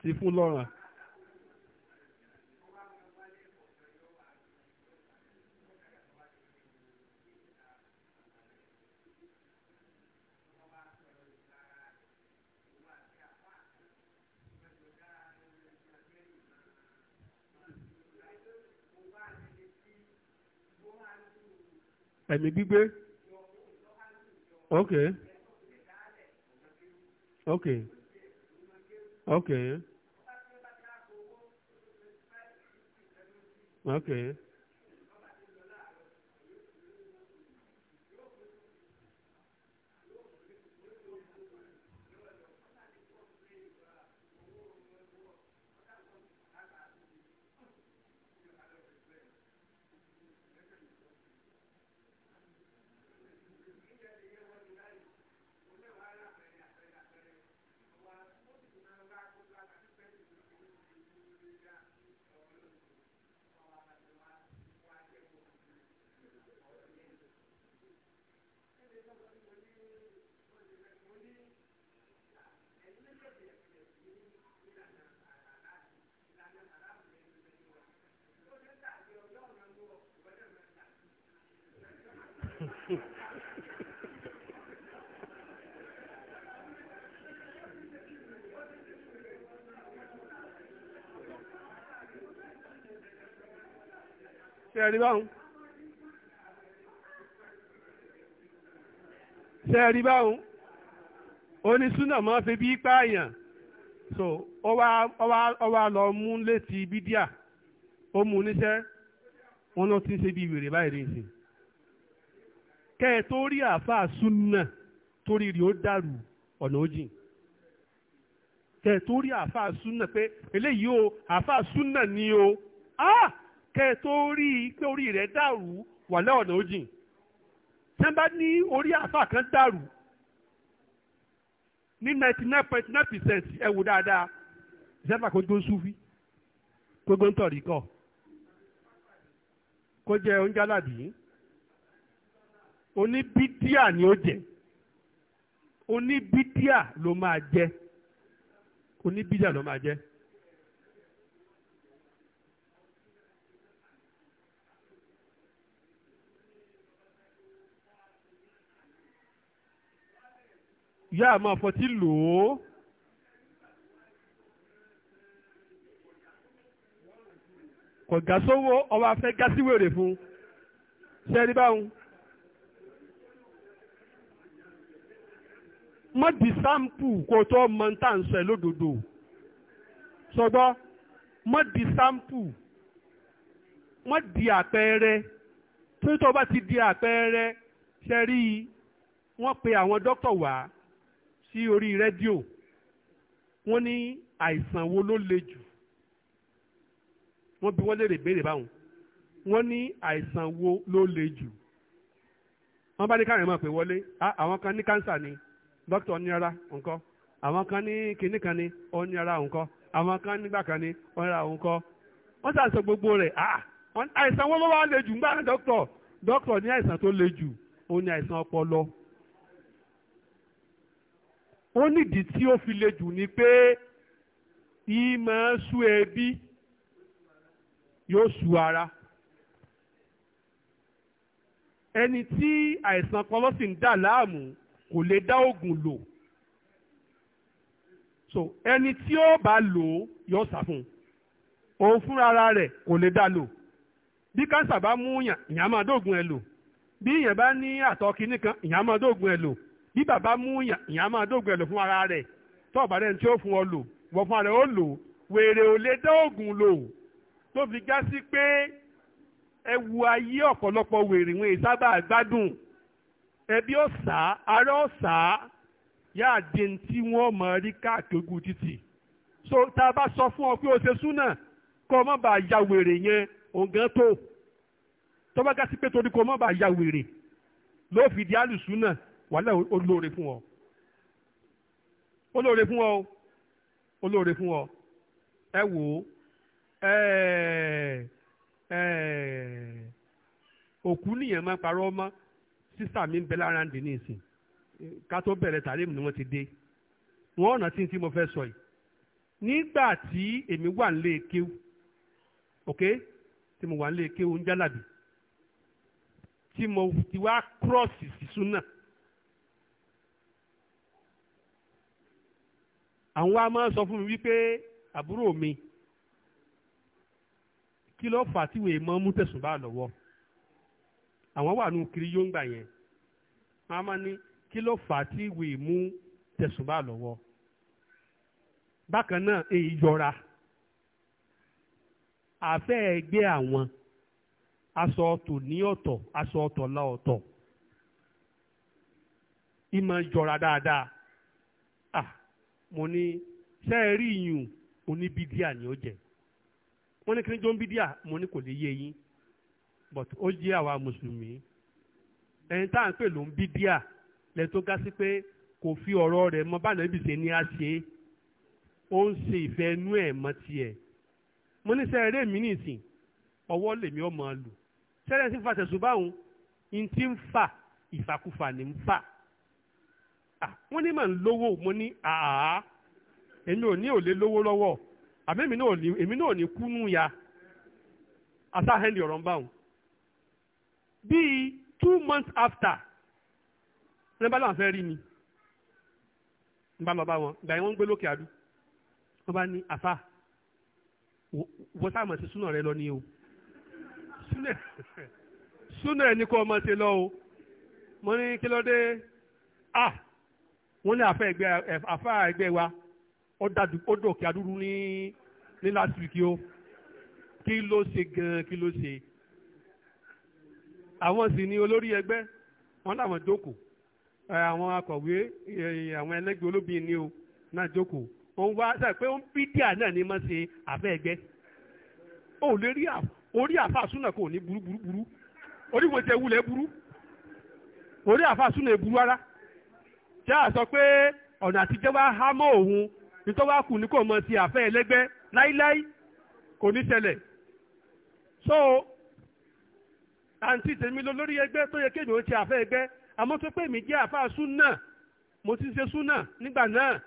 ti fún lọ́ràn. ẹ̀mí gbígbé ok ok. Okay. Okay. ṣe rí báwọn ṣe rí báwọn onísúnà máa fi bí pààyàn so ó wá ó wá ó wá lọ mú létí bídíà ó mú níṣẹ́ wọn lọ ti ń ṣe bí wèrè báyìí nìyí kẹ́ ẹ tó rí àáfàá súnà torí rí ó dàrú ọ̀nà òjìn kẹ́ ẹ tó rí àáfàá súnà pé eléyìí o àáfàá súnà ni o ah kẹ́ ẹ tó rí i pé orí rẹ̀ dàrú wà lẹ́ ọ̀nà òjìn tí wọ́n bá ní orí àáfàá kan dàrú ní ninety nine point nine percent ẹ wò dáadáa ìṣẹ́fà kò gbó súfì kó gbó ń kọ́ kó jẹ oúnjẹ aládìí oníbídíà ni ó jẹ́ oníbídíà ló máa jẹ́ oníbídíà ló máa jẹ́. ìyá àmọ́ àfọ̀tí lò ó. kọ̀gá sówó ọba fẹ́ gásíwèrè fún un ṣe é rí báwọn. má di sáǹpù kó tó mọ tá à ń sọ ẹ lódodo sọgbọ́ má di sáǹpù má di àpẹẹrẹ tó tó bá ti di àpẹẹrẹ ṣe rí i wọ́n pe àwọn dókítà wá sí orí rédíò wọ́n ní àìsàn wo ló le jù wọ́n bi wọ́n léèrè béèrè báwọn wọ́n ní àìsàn wo ló le jù wọ́n bá ní káàrin máa pè wọlé ah, àwọn kan ní kánsà ni dókítà ọ̀nìyàrá nǹkan àwọn kan ní kinní kan ní ọ̀nìyàrá nǹkan àwọn kan nígbà kan ní ọ̀nìyàrá nǹkan wọ́n sà sọ gbogbo rẹ̀ ah, àìsàn wọn lọ́wọ́ le jù ńgbà dókítà dókítà ní àìsàn tó le jù ó ní àìsàn ọpọlọ ó nídìí tí ó fi le jù ni pé ìmọ̀ sú ẹbí yóò sú ara ẹni tí àìsàn ọpọlọ sì ń dà láàmú kò lè dá oògùn lò so ẹni tí ó bá lò ó yóò sá fún un òun fúnra ara rẹ̀ kò lè dá lò bí kánsà bá mú yàn ìyàn máa dóògùn ẹ lò bí ìyàn bá ní àtọ̀ kínní kan máa dóògùn ẹ lò bí bàbá mú yàn máa dóògùn ẹ lò fún ara rẹ̀ tó bá dẹ́ni tí ó fún ọ lò wọ́n fún ara ó lò wèrè ò lè dá oògùn lò tó fi já sí pé ẹ wu ayé ọ̀pọ̀lọpọ̀ wèrè wọn èyí gbádùn ẹbí ọ̀sà ará ọ̀sà yáà di ní tí wọ́n mọ̀ rí káàkiri ogun títì so tá a bá sọ fún ọ pé o ṣe súnà kọ́ ọ má bàa ya wèrè yẹn òǹgán tó tọ́ba gá sí pé torí kọ́ ọ má bàa ya wèrè ló fi di àlùsúnà wàhálà olóore fún ọ olóore fún ọ olóore fún ọ ẹ wò ó ẹ ẹ òkú nìyẹn máa parọ́ mọ́ sísà mi ń bẹ lára ǹdí ní ìsìn ká tó bẹ̀rẹ̀ tàlímù ni wọ́n ti dé wọ́n ọ̀nà tí tí mo fẹ́ sọ yìí nígbà tí èmi wà nílé kéwù ok tí mo wà nílé kéwù ń jálàbì tí mo ti wá kírọ́ọ̀sì sí súnà àwọn wa máa ń sọ fún mi wípé àbúrò mi kí ló fà tí wèé mọ́ mú tẹ̀sùn bá lọ́wọ́ àwọn wà nù kiri yóò ń gbà yẹn ní kí ló fà á mú lọwọ bákan èyí yọra àfẹ́ ẹgbẹ́ àwọn aṣọ ọ̀tọ̀ ní ọ̀tọ̀ aṣọ la ọ̀tọ̀ ìmọ̀ jọra dáadáa ah mo ní ṣe é rí oníbídíà ni ó jẹ ní kí jọ ń bídíà kò lè yé yín but ó jẹ́ àwa mùsùlùmí ẹni tá à ń pè ló ń bí díà lẹ tó ga sí pé kò fi ọ̀rọ̀ rẹ̀ mọ bá nàbì ṣe ní á ṣe ó ń ṣe ìfẹ́ inú ẹ̀ mọ tiẹ̀ mo ní sẹ́yìn eré mi nìsín ọwọ́ lèmi ọmọ lù sẹ́yìn ẹ̀sìn fa tẹ̀sùn báwọn n ti ń fà ìfàkùfà ní ń fà wọ́n ní mà ń lówó mo ní àá èmi ò ní ò lówó lọ́wọ́ àmì náà ò ní kú ya àtàhẹ́ndì ọ̀rọ̀ ń báwọn bíi two months after ní bá làwọn fẹ́ rí mi n bá lọ bá wọn gbà yẹn wọ́n ń gbé lókè àdú wọ́n bá ní àfà wọ́n sáà mọ̀ sí súnà rẹ lọ ní o súnà ẹ̀ ní kó ọmọ ṣe lọ o mo ní kí ló dé a wọ́n ní àfà ẹgbẹ́ àfà ẹgbẹ́ wa ó dòkè àdúrú ní ní last week o kí ló ṣe gan-an kí ló ṣe àwọn sì ni olórí ẹgbẹ́ wọn làwọn jókòó àwọn akọ̀wé àwọn ẹlẹ́gbẹ́ olóbìn ni o náà jókòó òun wá sọ pé òun pídíà náà ni mọ̀ ṣe àfẹ́ ẹgbẹ́ ó lè rí orí àfa súnà kò ní burúburúburú orí wọn ti wulẹ̀ burú orí àfa súnà burú rárá ṣé à sọ pé ọ̀nà àtijọ́ wa há mọ́ òun nítorí wá kù ní kò mọ̀ ṣe àfẹ́ ẹlẹ́gbẹ́ láíláí kò ní ṣẹlẹ̀ so àǹtí tèmi lọ lórí ẹgbẹ́ tó yẹ kéèmì ó ti àfẹ́ ẹgbẹ́ àmọ́ tó pé mi jẹ́ àfáà súnà mo ti ń ṣe súnà nígbà náà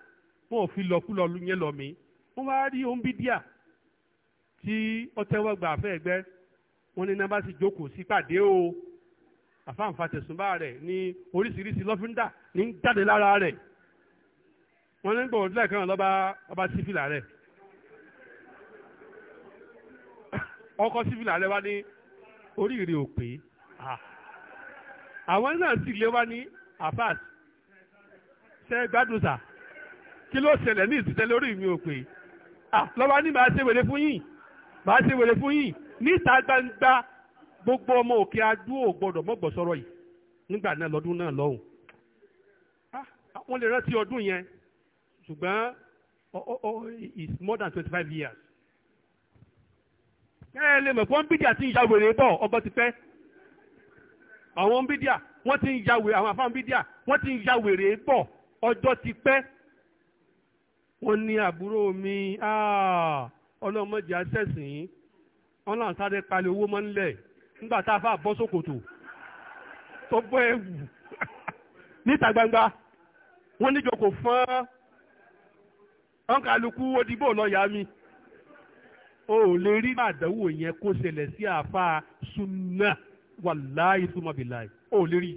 wọn ò fi lọ́kúlọ yẹn lọ mí wọ́n wá rí ohun bídíà tí ọtẹ́wọ́ gba àfẹ́ ẹgbẹ́ wọn ní nàbà sì jókòó sí pàdé o àfáàǹfà tẹ̀sùnbà rẹ̀ ní oríṣiríṣi lọ́fíńdà ní jáde lára rẹ̀ wọ́n ní gbọ̀wọ́ dílẹ̀ kan lọ́ba ọba sífìlà rẹ̀ ọkọ̀ sífìlà rẹ̀ wá ní oríire ò pé àwọn náà sì lé wá ní abas ṣe gbádùn sà kí ló ṣẹlẹ̀ ní ìsìtẹ́ lórí mi ò pé lọ́wọ́ ní màá ṣe wèrè fún yín màá ṣe wèrè fún yín níta gbangba gbogbo ọmọ òkè adú ò gbọdọ̀ mọ́gbọ̀ sọ̀rọ̀ yìí nígbà náà lọ́dún náà lọ́hùn wọ́n lè rántí ọdún yẹn ṣùgbọ́n it's more than twenty five years ẹ lè mọ̀ fún bídíà ya wèrè bọ̀ ọgbọ́n ti pẹ́ àwọn bídíà wọ́n ti ń ya wèrè àwọn afáwọn bídíà wọ́n ti ń ya wèrè bọ̀ ọjọ́ ti pẹ́ wọ́n ní àbúrò mi ọlọ́mọdé àṣẹ̀sìn wọn sáré palẹ̀ owó mọ́ nílẹ̀ nígbà tá a fà bọ́ sókòtò tó bọ́ níta gbangba mi. o ò lè rí àdánwò yẹn kó ṣẹlẹ̀ sí àáfàá sunna wàláyé súnmọ́bìláyé o ò lè rí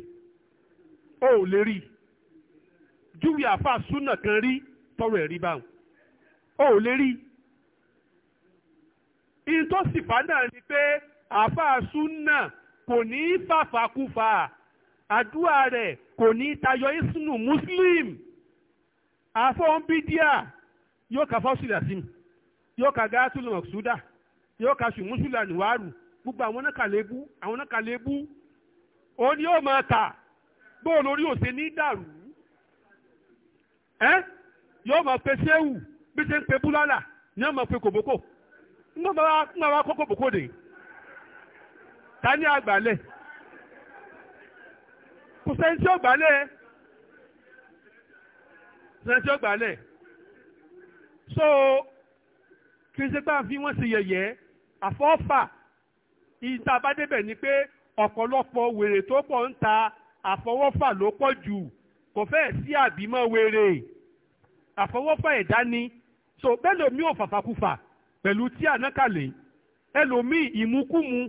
o ò lè rí júwe àáfàá sunna kan rí tọrọ ẹ̀rí báwọn o ò lè rí ìtòsífà náà ni pé àáfàá sunna kò ní í fàfàkùfà àdúrà rẹ̀ kò ní í tayọ ìsúnù muslim àfọ̀nbídíà yóò kà fọ́sílẹ̀ sí mi yóò ka gáàtúlù mọ̀súdà yóò ka ṣùmùsùlà nìwárù gbogbo àwọn náà kàlébú àwọn náà kàlébú ó ní yóò máa tà bóò lórí òsè ní dàrú ẹ yóò máa pe séwù bí ṣe ń pe búlálà ni yóò máa pe kòbókò ńgbà máa wá kó kòbókò dé ta ní àgbàlẹ̀ kò sẹ́ni tí ó gbàlẹ̀ so kì í ṣe pé à ń fi wọ́n ṣe yẹ̀yẹ́ àfọ́fà ìta bá débẹ̀ ni pé ọ̀pọ̀lọpọ̀ wèrè tó pọ̀ ń ta àfọwọ́fà ló pọ̀ jù kò fẹ́ẹ̀ sí àbímọ́ wèrè àfọwọ́fà ẹ̀dá ni so bẹ́ẹ̀ lómi ò fàfàkùfà pẹ̀lú tí ànákàlẹ̀ ẹlòmíì ìmukúmu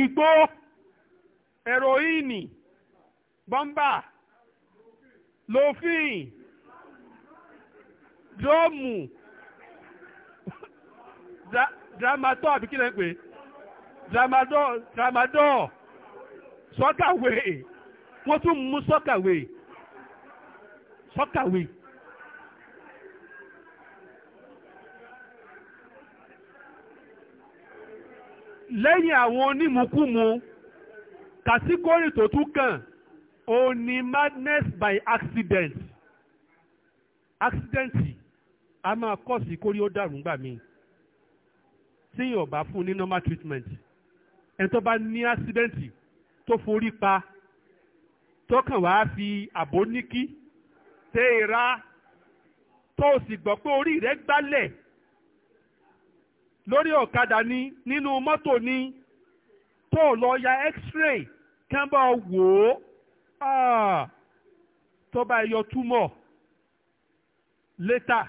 igbó ẹ̀rọ̀ìnì bọ́mbà lófìn dróòmù dramadol àbí kí lẹ́ ń pè dramadol dramadol sọ́kàwé wọ́n tún mú sọ́kàwé sọ́kàwé. lẹ́yìn àwọn onímùkúmu kàsíkórì tó tún kàn ó ní madness by accident accident a máa kọ́ sí kórí ó dàrú ńgbà míì tí yóò bá fún ní normal treatment ẹni tó bá ní accident tó forí pa tó kàn wá fi àbò níkí tẹ́ ẹ ra tó o sì gbọ́ pé orí rẹ̀ gbálẹ̀ lórí ọ̀kadà ni nínú mọ́tò ni tó o lọ ya x-ray kán bá ọ wò ó ah, tó bá yọ túmọ̀ later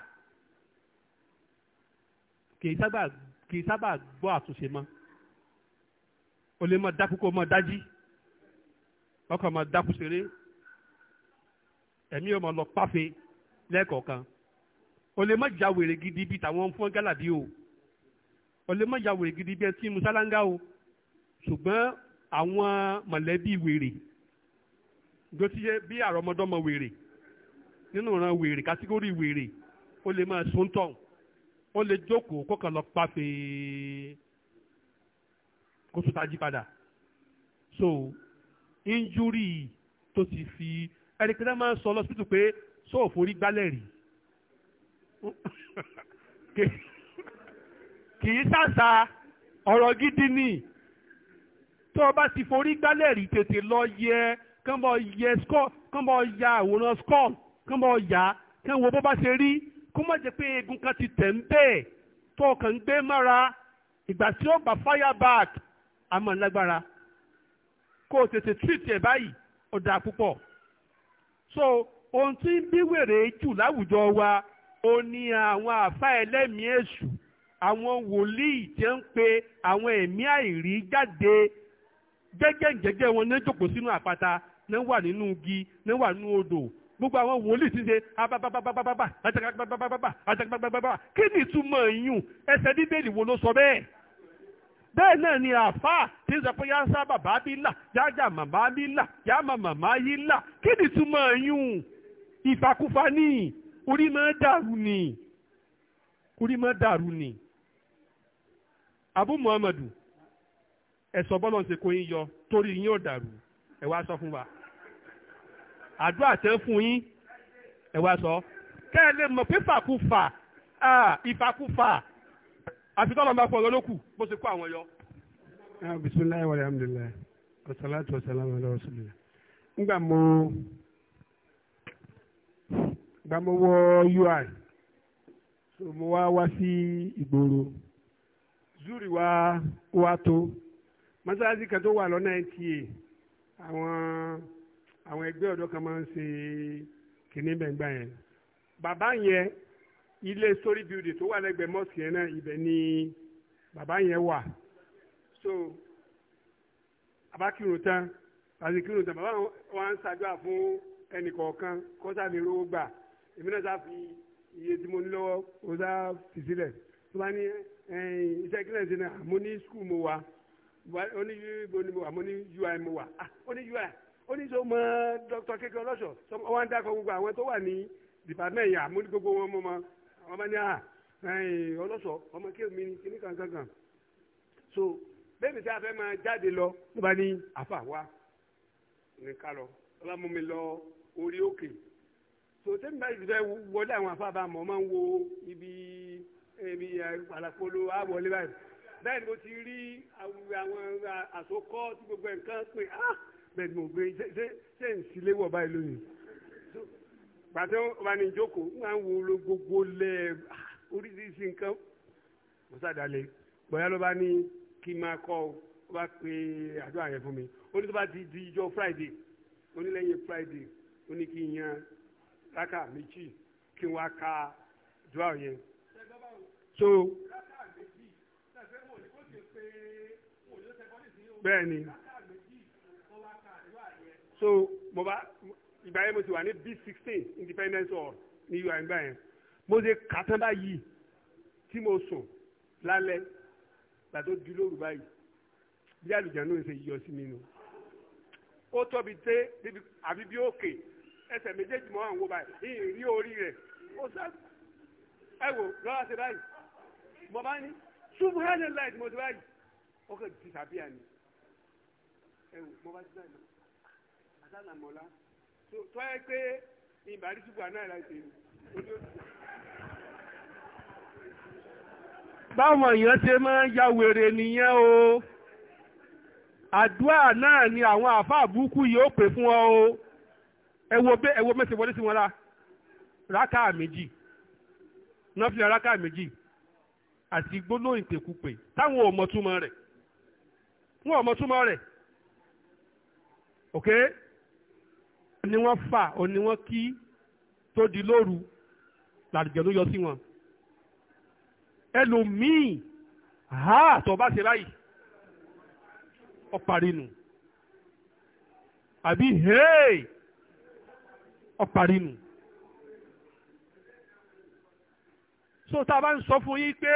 kì í sábà kì í sábà gbọ́ àtúnṣe mọ́ o lè mọ dákú kó mọ dájí ọkọ̀ mọ dákú ṣeré ẹ̀mí ò mọ lọ páfe lẹ́ẹ̀kọ̀ọ̀kan o lè mọ jà wèrè gidi bíi tàwọn fún gálàdí o o lè mọ jà wèrè gidi bíi ẹtí musalanga o ṣùgbọ́n àwọn mọ̀lẹ́bí wèrè gbèsè bí àrọ̀mọdọ́mọ wèrè nínú ìran wèrè kátígórì wèrè o lè mọ sóńtọ̀hún ó lè jókòó kó kàn lọ pàfé kó tó tají padà so injury tó ti fi ẹnikẹ́ni máa ń sọ lọ́sítù pé sóò forí gbálẹ̀ rí kì í sàṣà ọ̀rọ̀ gidi ni tó o bá ti forí gbálẹ̀ rí tètè lọ yẹ kán bọ̀ yẹ skọ́ọ̀ kán bọ̀ ya àwòrán skọ́ọ̀ kán bọ̀ yá kán wo bó bá ṣe rí. kó má jẹ́ pé kan ti tẹ̀ ń bẹ́ẹ̀ tó o kàn ń gbé mára ìgbà tí ó gbà fire back àmọ́ lágbára kó o tètè treat ẹ̀ báyìí ó dáa púpọ̀ so ohun tí ń bí wèrè jù láwùjọ wa ó ní àwọn àfa ẹlẹ́mìí èṣù àwọn wòlíì tí ń pe àwọn ẹ̀mí àìrí jáde wọn ní jókòó sínú àpáta ní wà nínú igi ní wà nínú odò gbogbo àwọn wòlíì ti ṣe abababababa ajagbabababa ajagbabababa kí ni ìtumọ̀ yìnyín ẹsẹ̀ bíbélì wo ló sọ bẹ́ẹ̀ bẹ́ẹ̀ náà ni àáfàá ti ń sọ pé yánsá bàbá bí là yájà màmá bí là yáàmà màmá yí là kí ni ìtumọ̀ yìnyín ìfàkúfà ní orí máa dàrú ni orí máa dàrú ni abu muhammadu ẹ̀sọ́ bọ́lọ̀ ń ṣe kó yín yọ torí yín ò dàrú ẹ̀ wá sọ fún wa àdúrà tán fún yín ẹ wá sọ kẹ́ ẹ lè mọ̀ pé fàkúfà ìfàkúfà àfi tọ́lọ̀ bá fọ̀rọ̀ lókù bó ṣe kó àwọn yọ. bisimilayi wa alhamdulilayi wasalaatu wasalaamu ala rasulillah ngba mo ngba mo wọ ui so mo wá wá sí ìgboro zuri wa wá tó masalasi kan tó wà lọ́nà nta àwọn àwọn ẹgbẹ́ ọ̀dọ́ kan máa ń ṣe kìnní bẹ̀ngbà yẹn bàbá yẹn ilé story building tó wà lẹ́gbẹ̀ẹ́ mosque yẹn náà ibẹ̀ ni bàbá yẹn wà so abakirun tán pàṣẹkirun tán bàbá wa ń ṣàdúrà fún ẹnì kọ̀ọ̀kan kọ́sà mi rówó gbà èmi náà sá fi iye tí mo ní lọ́wọ́ ó sá fi sílẹ̀ tó bá ní iṣẹ́ kílẹ̀ sí náà mo ní skul mo wà ó ní ibo mo wà mo ní ui mo wà ah, ó ní ui ní sọ mọ dr kékeré ọlọ́sọ̀ wọn dákọ̀ gbogbo àwọn tó wà ní dìpámẹ́ yà mú ní gbogbo wọn mọ́ mọ́ àwọn bá ní à ah, ọlọ́sọ̀ ọmọ kéwì mi ní kíní kankankan so bẹ́ẹ̀ ni sáfẹ́ máa jáde lọ ló bá ní àfà wá ní ká lọ mú mi lọ orí òkè so tẹ́mi bá ti fẹ́ wọlé àwọn àfà bá mọ̀ máa ń wo ibi ibi àlàpolo àwọlé báyìí bẹ́ẹ̀ ni mo ti rí àwọn àsokọ́ tí gbogbo nǹkan pè á bẹ́ẹ̀ mo gbé ṣe ṣe ń sílé wọ̀ báyìí lónìí pàṣẹ wà ní ìjókòó ń máa ń wo gbogbo lẹ ah, oríṣiríṣi nǹkan mo ṣàdálẹ bóyá ló bá ní kí n máa kọ ó bá pe àdúrà yẹn fún mi ó ní tó bá ti di ijọ́ friday ó ní friday ó ní kí n yan rákà méjì kí n wá ka àdúrà yẹn so. bẹ́ẹ̀ so mo bá ìgbà yẹn mo ti wà ní b sixteen independence hall ní ìwà ìgbà yẹn mo ṣe kà tán báyìí tí mo sùn lálẹ́ gbàtó di lóru báyìí bí àlùjánu ń ṣe yọ sí mi nù ó tóbi dé débi àbí bí òkè ẹsẹ̀ méjèèjì mọ́ àwọn báyìí ìyìn rí orí rẹ̀ ó sá ẹ wò lọ́wọ́ ṣe báyìí mo bá ní subhanallah mo ti báyìí ó kàn disappear ni ẹ wò mo bá ti báyìí lánàmọ́lá tó yẹ pé ìbàdí túbọ̀ náà láti ṣe báwọn èèyàn ṣe máa ń ya wèrè nìyẹn o àdúrà náà ni àwọn àfáà búkú yóò pè fún ọ o ẹ wo bẹ ẹ wo mẹsẹ wọlé sí wọn la rákà méjì nọfìlà rákà méjì àti gbólóhùn ìpèkúpè táwọn ò mọ túmọ̀ rẹ̀ wọn ò mọ túmọ̀ rẹ̀ okay ni wọ́n fà ó ní wọ́n kí tó di lóru làdìjẹ́ ló yọ sí wọn ẹlòmíì ha tó bá ṣe báyìí ó parí nù àbí hey ó parí nù. so tá a bá ń sọ fún yín pé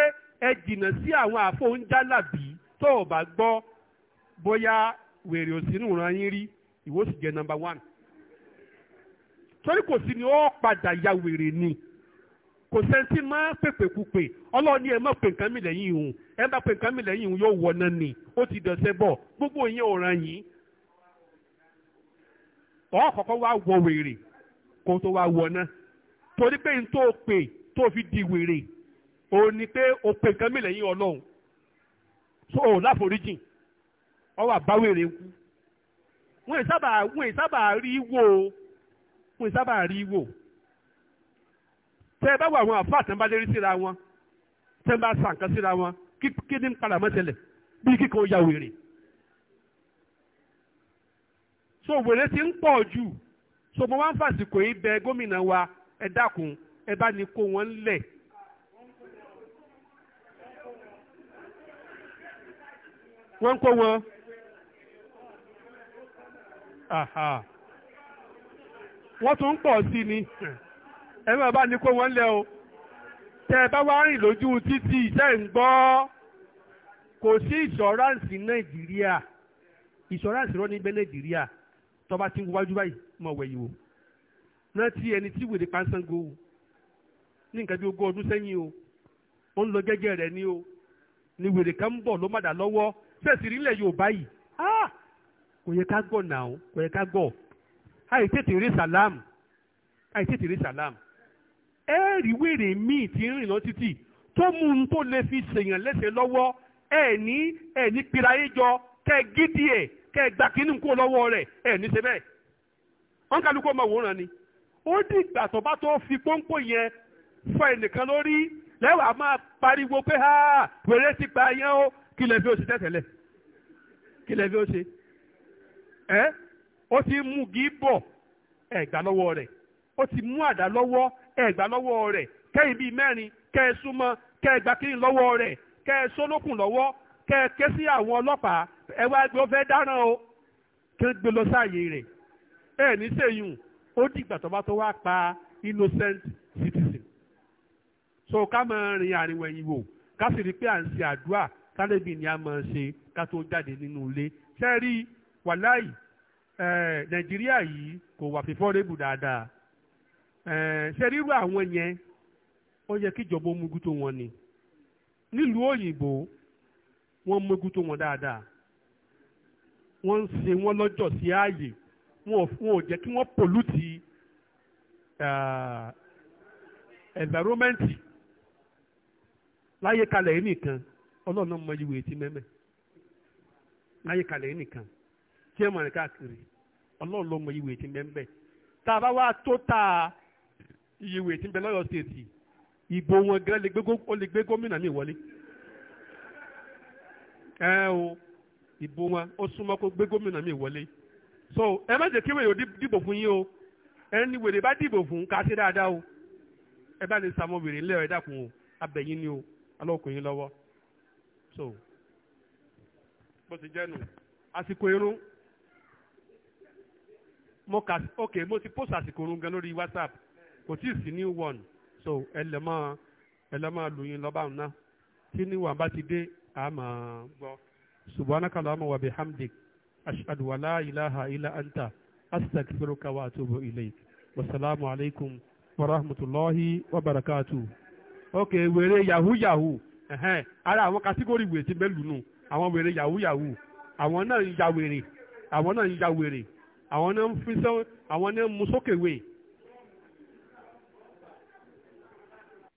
ẹ jìnnà sí àwọn àfohùnjálàbí tó o bá gbọ́ bóyá wèrè òsínú ràn yín rí ìwọ number one. torí kò sí ni ó padà ya wèrè ni kò sẹ́ńtì máa pèpè kúpè ọlọ́ọ̀ni ẹ̀ má pè nǹkan mi lẹ́yìn ìhun ẹ̀ bá pè nǹkan mi lẹ́yìn ìhun yóò wọná ni ó ti dọ̀sẹ̀ bọ̀ gbogbo ìyẹn ò ràn yín ọ̀ kọ̀kọ́ wá wọ wèrè kó tó wá wọná torí pé n tó pè tó fi di wèrè o ni pé o pè nǹkan mi lẹ́yìn ọlọ́run so ò láforíjìn ọ wà bá wèrè kú wọ́n ì sábà wọ́n ì sábà rí wọn sábà rí wò tẹ ẹ bá wọ àwọn àfa àtẹnbá lérí síra wọn tẹ ẹ bá sa nǹkan síra wọn kí ni padà mọ́ tẹlẹ̀ bí kíkan ya wèrè so wèrè ti ń pọ̀ jù so mo máa ń fàsìkò yìí bẹ gómìnà wa ẹ dákun ẹ bá ní kó wọn lẹ̀ wọ́n ń kó wọn. Aha wọ́n tún ń pọ̀ sí ni ẹ máa bá ní kó wọ́n lẹ o tẹ ẹ bá wá rìn lójú títì iṣẹ́ ń gbọ́ kò sí ìṣọ́ráǹsì nàìjíríà ìṣọ́ráǹsì rọ́ níbẹ̀ nàìjíríà tọba ti ń wájú báyìí mọ̀ wẹ̀yìn o náà ti ẹni tí wèrè pàṣẹngo o ní nǹkan bí ogún ọdún sẹ́yìn o ó ń lọ gẹ́gẹ́ rẹ̀ ni o ni wèrè kan ń bọ̀ ló má dà lọ́wọ́ ṣèṣì rí ilẹ̀ Yorùbá yìí ah! kò yẹ ká gbọ́ nà ó kò yẹ ká gbọ́ ti rí sàlámù àìtètè rí sàlámù ẹ rí wèrè míì tí ń rìn títì tó mú un tó lè fi ṣèyàn lẹ́sẹ̀ lọ́wọ́ ẹ ní ẹ ní pira yín jọ kẹ gidi ẹ kẹ gbà kínní kó lọ́wọ́ rẹ̀ ẹ ní ṣe bẹ́ẹ̀ wọn wòran ni ó tó bá pariwo pé ha wèrè ti pa yẹn o kí lè fi ṣe ó ti mú gíbọ̀ ẹ̀gbà lọ́wọ́ rẹ̀ ó ti mú àdá lọ́wọ́ ẹ̀gbà lọ́wọ́ rẹ̀ kẹ́yìn bíi mẹ́rin kẹ́ ẹ súnmọ́ kẹ́ ẹ gbà kiri lọ́wọ́ rẹ̀ kẹ́ ẹ sólókùn lọ́wọ́ kẹ́ ẹ ké sí àwọn ọlọ́pàá ẹ wá gbé ó fẹ́ o kí gbé lọ sáàyè rẹ̀ ẹ ní sẹ́yìn ó dìgbà tó bá tó wá pa innocent citizen so ká máa rin àrìnwẹ̀yìn wò ká sì rí pé à ń ṣe àdúrà kálẹ́bì ni a máa ṣe ká tó jáde nínú ilé ṣẹ́ẹ́rì wàláì nàìjíríà yìí kò wà fífọ́rébù dáadáa ṣe rírú àwọn yẹn ó yẹ kíjọba ó tó wọn ni nílùú òyìnbó wọn mugu tó wọn dáadáa wọ́n ń wọn lọjọ lọ́jọ́ sí wọn ò je kí wọ́n pòlùtì ẹ̀fẹ̀rómẹ́ǹtì láyé kalẹ̀ yìí nìkan ọlọ́run náà mọ ìwé etí mẹ́mẹ́ láyé kalẹ̀ yìí tí ẹ mọ̀ ní káàkiri ọlọ́run ló mọ iye ìwé tí ń bẹ ń bẹ tá a bá wá tó ta iye ìwé tí ń bẹ lọ́yọ̀ stéètì ìbò wọn gan lè gbé gómìnà mi wọlé ẹ o ìbò wọn ó súnmọ́ kó gbé gómìnà mi wọlé so ẹ má jẹ́ kí wèrè dìbò fún yín o ẹni wèrè bá dìbò fún ká ṣe dáadáa o ẹ bá lè sàmọ wèrè ńlẹ ẹ dákun o abẹ̀yìn ni o alọ́kùnrin lọ́wọ́ so bó ti jẹ́ nu àsìkò irun mo kà ok mo ti post àsìkò orun gan lórí whatsapp kò tí ì sí new one so ẹ lè mọ ẹ lè mọ lóyún lọ́ba òun tí new one bá ti dé a máa gbọ́ subhanaka allahumma wa bihamdik Ashadu wa la ilaha illa anta astaghfiruka wa atubu ilayk wasalaamu alaykum wa rahmatulahi wa barakatuh ok wèrè yahoo yahoo ẹ̀hẹ́n ara àwọn kàtígórì wèrè ti bẹ́ẹ̀ lùnú àwọn wèrè yahoo yahoo àwọn náà ń ya wèrè àwọn náà ń ya wèrè àwọn náà ń fi sẹ́wọ̀n àwọn náà ń mu sókèwé.